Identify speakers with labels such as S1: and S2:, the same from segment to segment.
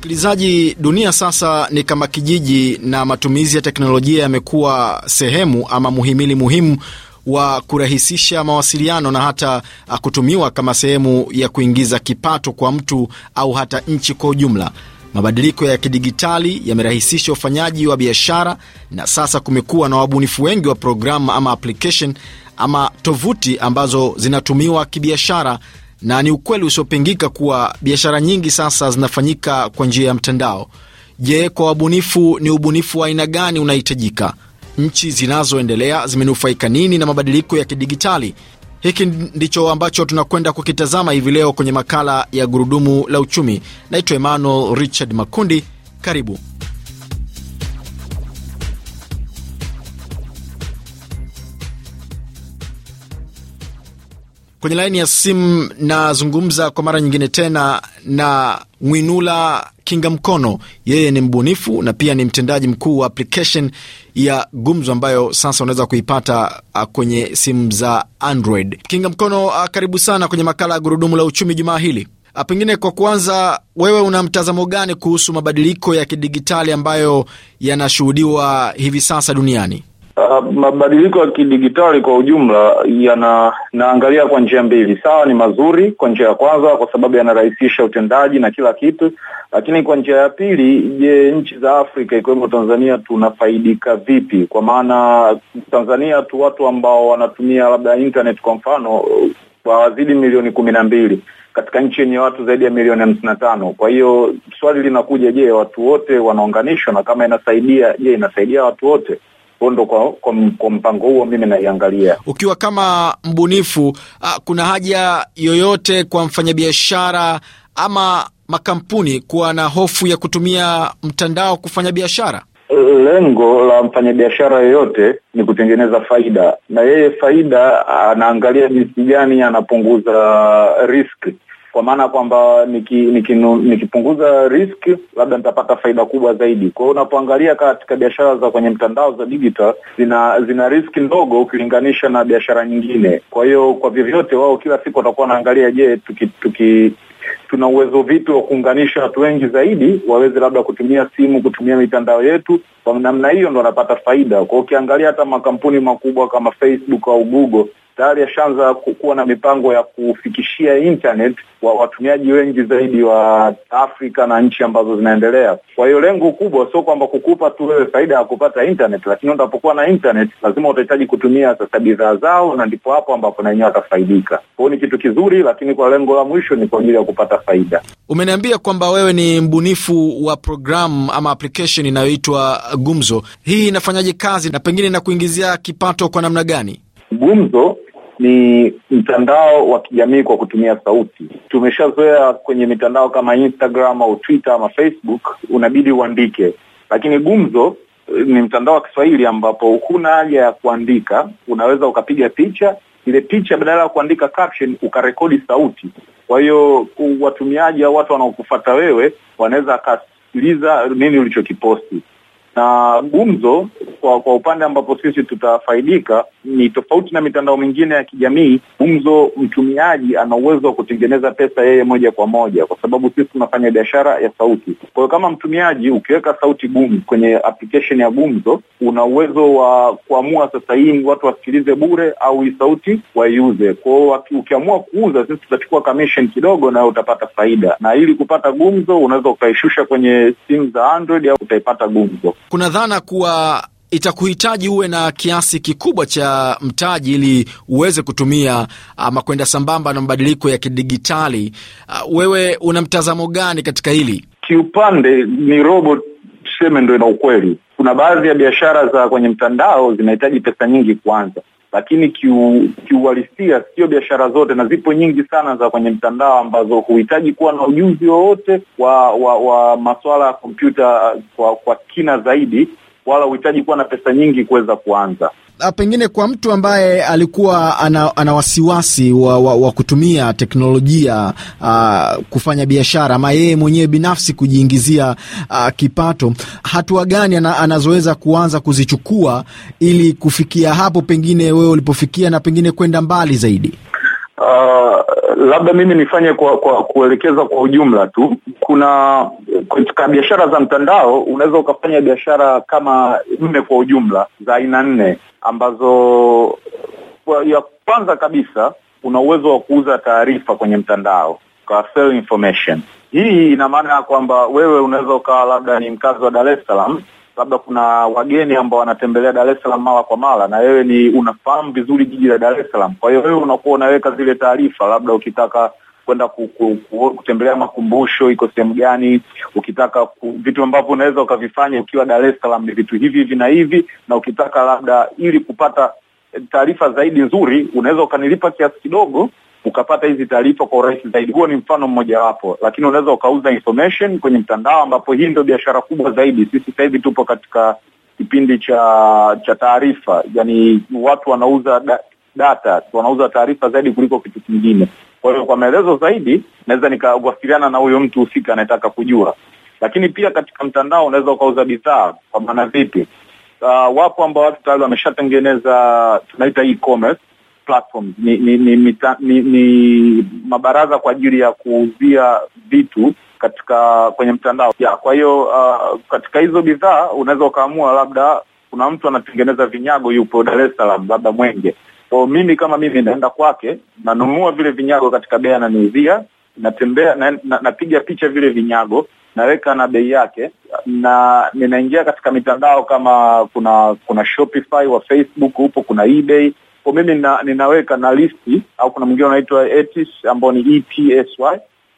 S1: Msikilizaji, dunia sasa ni kama kijiji, na matumizi ya teknolojia yamekuwa sehemu ama muhimili muhimu wa kurahisisha mawasiliano na hata uh, kutumiwa kama sehemu ya kuingiza kipato kwa mtu au hata nchi kwa ujumla. Mabadiliko ya kidigitali yamerahisisha ufanyaji wa biashara na sasa kumekuwa na wabunifu wengi wa programu ama application ama tovuti ambazo zinatumiwa kibiashara na ni ukweli usiopingika kuwa biashara nyingi sasa zinafanyika kwa njia ya mtandao. Je, kwa wabunifu ni ubunifu wa aina gani unahitajika? Nchi zinazoendelea zimenufaika nini na mabadiliko ya kidigitali? Hiki ndicho ambacho tunakwenda kukitazama hivi leo kwenye makala ya Gurudumu la Uchumi. Naitwa Emmanuel Richard Makundi, karibu. Kwenye laini ya simu nazungumza kwa mara nyingine tena na Mwinula Kinga Mkono. Yeye ni mbunifu na pia ni mtendaji mkuu wa application ya Gumzo ambayo sasa unaweza kuipata uh, kwenye simu za Android. Kinga Mkono, uh, karibu sana kwenye makala ya Gurudumu la Uchumi jumaa hili. Uh, pengine kwa kwanza, wewe una mtazamo gani kuhusu mabadiliko ya kidigitali ambayo yanashuhudiwa hivi sasa duniani?
S2: Uh, mabadiliko ya kidigitali kwa ujumla yana naangalia kwa njia mbili. Sawa, ni mazuri kwa njia ya kwanza, kwa sababu yanarahisisha utendaji na kila kitu, lakini kwa njia ya pili, je, nchi za Afrika ikiwemo Tanzania tunafaidika vipi? Kwa maana Tanzania tu watu ambao wanatumia labda internet kwa mfano wawazidi milioni kumi na mbili katika nchi yenye watu zaidi ya milioni hamsini na tano. Kwa hiyo swali linakuja, je, watu wote wanaunganishwa? Na kama inasaidia, je, inasaidia watu wote? Huo ndo kwa, kwa, kwa mpango huo mimi naiangalia.
S1: Ukiwa kama mbunifu, ah, kuna haja yoyote kwa mfanyabiashara ama makampuni kuwa na hofu ya kutumia mtandao kufanya biashara?
S2: Lengo la mfanyabiashara yoyote ni kutengeneza faida, na yeye faida anaangalia jinsi gani anapunguza riski kwa maana kwamba nikipunguza niki, niki risk labda nitapata faida kubwa zaidi. Kwa hiyo unapoangalia katika biashara za kwenye mtandao za digital zina zina risk ndogo ukilinganisha na biashara nyingine. Kwa hiyo kwa vyovyote, wao kila siku watakuwa wanaangalia, je, tuki, tuki tuna uwezo vipi wa kuunganisha watu wengi zaidi waweze labda kutumia simu, kutumia mitandao yetu. Kwa namna hiyo ndo wanapata faida. Kwa ukiangalia hata makampuni makubwa kama Facebook au Google tayari yashaanza kuwa na mipango ya kufikishia internet wa watumiaji wengi zaidi wa Afrika na nchi ambazo zinaendelea. Kwa hiyo lengo kubwa sio kwamba kukupa tu wewe faida ya kupata internet, lakini utapokuwa na internet lazima utahitaji kutumia sasa bidhaa zao, na ndipo hapo ambapo na wenyewe watafaidika. Kwa ni kitu kizuri, lakini kwa lengo la mwisho ni kwa ajili ya kupata kupata faida.
S1: Umeniambia kwamba wewe ni mbunifu wa programu ama application inayoitwa Gumzo. Hii inafanyaje kazi na pengine inakuingizia kipato kwa namna gani?
S2: Gumzo ni mtandao wa kijamii kwa kutumia sauti. Tumeshazoea kwenye mitandao kama Instagram au Twitter ama Facebook, unabidi uandike, lakini Gumzo eh, ni mtandao wa Kiswahili ambapo huna haja ya kuandika, unaweza ukapiga picha ile picha badala ya kuandika caption ukarekodi sauti, kwa hiyo watumiaji au watu wanaokufuata wewe wanaweza akasikiliza nini ulichokiposti na gumzo kwa, kwa upande ambapo sisi tutafaidika ni tofauti na mitandao mingine ya kijamii. Gumzo, mtumiaji ana uwezo wa kutengeneza pesa yeye moja kwa moja, kwa sababu sisi tunafanya biashara ya sauti. Kwa hiyo kama mtumiaji ukiweka sauti gum kwenye application ya gumzo, una uwezo wa kuamua sasa, hii watu wasikilize bure au hii sauti waiuze. Kwa hiyo ukiamua kuuza, sisi tutachukua commission kidogo, na utapata faida. Na ili kupata gumzo, unaweza ukaishusha kwenye simu za Android au utaipata gumzo
S1: kuna dhana kuwa itakuhitaji uwe na kiasi kikubwa cha mtaji ili uweze kutumia ama kwenda sambamba na mabadiliko ya kidigitali. Uh, wewe una mtazamo gani katika hili?
S2: Kiupande ni robo tuseme, ndo ina ukweli. Kuna baadhi ya biashara za kwenye mtandao zinahitaji pesa nyingi kwanza, lakini kiuhalisia, sio biashara zote, na zipo nyingi sana za kwenye mtandao ambazo huhitaji kuwa na ujuzi wowote wa, wa, wa masuala ya kompyuta uh, kwa, kwa kina zaidi, wala huhitaji kuwa na pesa nyingi kuweza kuanza.
S1: Ah, pengine kwa mtu ambaye alikuwa ana, ana wasiwasi wa, wa, wa kutumia teknolojia uh, kufanya biashara ama yeye mwenyewe binafsi kujiingizia uh, kipato, hatua gani ana, anazoweza kuanza kuzichukua ili kufikia hapo pengine wewe ulipofikia na pengine kwenda mbali zaidi?
S2: Uh, labda mimi nifanye kwa, kwa kuelekeza kwa ujumla tu. Kuna katika biashara za mtandao unaweza ukafanya biashara kama nne kwa ujumla za aina nne ambazo ya kwanza kabisa una uwezo wa kuuza taarifa kwenye mtandao kwa sell information. Hii ina maana ya kwamba wewe unaweza ukawa labda ni mkazi wa Dar es Salaam, labda kuna wageni ambao wanatembelea Dar es Salaam mara kwa mara, na wewe ni unafahamu vizuri jiji la Dar es Salaam. Kwa hiyo wewe unakuwa unaweka zile taarifa, labda ukitaka kwenda ku, ku, ku, kutembelea makumbusho iko sehemu gani, ukitaka ku, vitu ambavyo unaweza ukavifanya ukiwa Dar es Salaam ni vitu hivi hivi na hivi, na ukitaka labda, ili kupata eh, taarifa zaidi nzuri, unaweza ukanilipa kiasi kidogo ukapata hizi taarifa kwa urahisi zaidi. Huo ni mfano mmojawapo, lakini unaweza ukauza information kwenye mtandao, ambapo hii ndio biashara kubwa zaidi. Sisi sasa hivi tupo katika kipindi cha cha taarifa, yani watu wanauza data, wanauza taarifa zaidi kuliko kitu kingine. Kwa hiyo kwa maelezo zaidi naweza nikawasiliana na huyo mtu husika anayetaka kujua, lakini pia katika mtandao unaweza ukauza bidhaa. Kwa maana vipi? Uh, wapo ambao watu tayari wameshatengeneza tunaita e-commerce platform, ni ni, ni, mita, ni ni mabaraza kwa ajili ya kuuzia vitu katika kwenye mtandao ya. Kwa hiyo uh, katika hizo bidhaa unaweza ukaamua labda kuna mtu anatengeneza vinyago, yupo Dar es Salaam, labda Mwenge So mimi kama mimi naenda kwake, nanunua vile vinyago katika bei ananiuzia, natembea napiga na, na picha vile vinyago naweka na bei yake, na ninaingia katika mitandao kama kuna kuna Shopify wa Facebook hupo, kuna eBay kwa mimi na, ninaweka na listi au kuna mwingine unaitwa Etsy ambao ni Etsy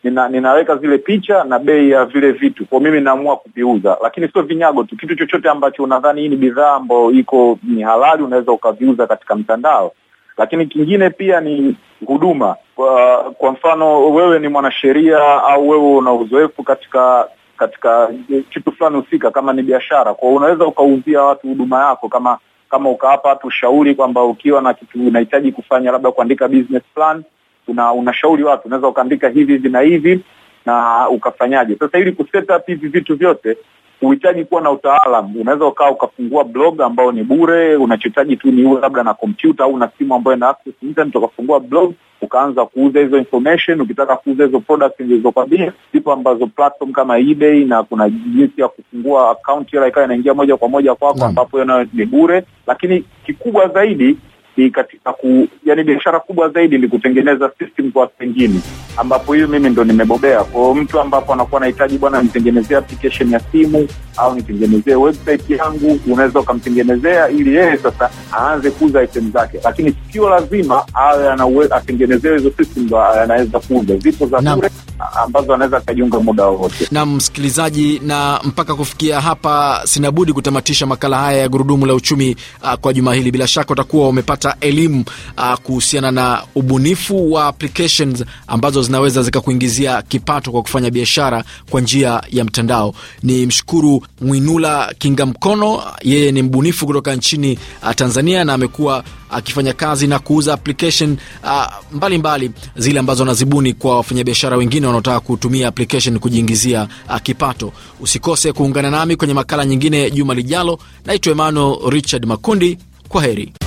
S2: nina, ninaweka zile picha na bei ya vile vitu, kwa mimi naamua kuviuza, lakini sio vinyago tu, kitu chochote ambacho unadhani hii ni bidhaa ambayo iko ni halali, unaweza ukaviuza katika mtandao. Lakini kingine pia ni huduma. Kwa, kwa mfano wewe ni mwanasheria au wewe una uzoefu katika katika kitu fulani husika, kama ni biashara, kwa unaweza ukauzia watu huduma yako, kama kama ukaapa watu ushauri kwamba ukiwa na kitu unahitaji kufanya, labda kuandika business plan una unashauri watu, unaweza ukaandika hivi hivi na hivi na ukafanyaje. Sasa ili kuset up hivi vitu vyote huhitaji kuwa na utaalam. Unaweza ukaa ukafungua blog ambao ni bure, unachohitaji tu ni uwe labda na kompyuta au na simu ambayo ina access internet, ukafungua blog ukaanza kuuza hizo information. Ukitaka kuuza hizo products nilizokwambia, zipo ambazo platform kama eBay na kuna jinsi ya kufungua account, ikawa inaingia moja kwa moja kwako, ambapo hiyo nayo ni bure, lakini kikubwa zaidi ni katika ku, yani biashara kubwa zaidi ni kutengeneza system kwa watu wengine, ambapo hiyo mimi ndo nimebobea. Kwa mtu ambapo anakuwa anahitaji bwana, nitengenezee application ya simu au nitengenezee website yangu, unaweza ukamtengenezea ili yeye sasa aanze kuuza item zake, lakini sio lazima awe atengenezewe hizo system ndo anaweza kuuza. Zipo za bure ambazo anaweza akajiunga muda wowote.
S1: Na msikilizaji, na mpaka kufikia hapa, sina budi kutamatisha makala haya ya gurudumu la uchumi uh, kwa juma hili. Bila shaka utakuwa umepata elimu uh, kuhusiana na ubunifu wa applications ambazo zinaweza zikakuingizia kipato kwa kufanya biashara kwa njia ya mtandao. Ni mshukuru Mwinula kinga mkono yeye ni mbunifu kutoka nchini uh, Tanzania na amekuwa akifanya kazi na kuuza application ah, mbalimbali mbali, zile ambazo anazibuni kwa wafanyabiashara wengine wanaotaka kutumia application kujiingizia ah, kipato. Usikose kuungana nami kwenye makala nyingine juma lijalo. Naitwa Emmanuel Richard Makundi. Kwa heri.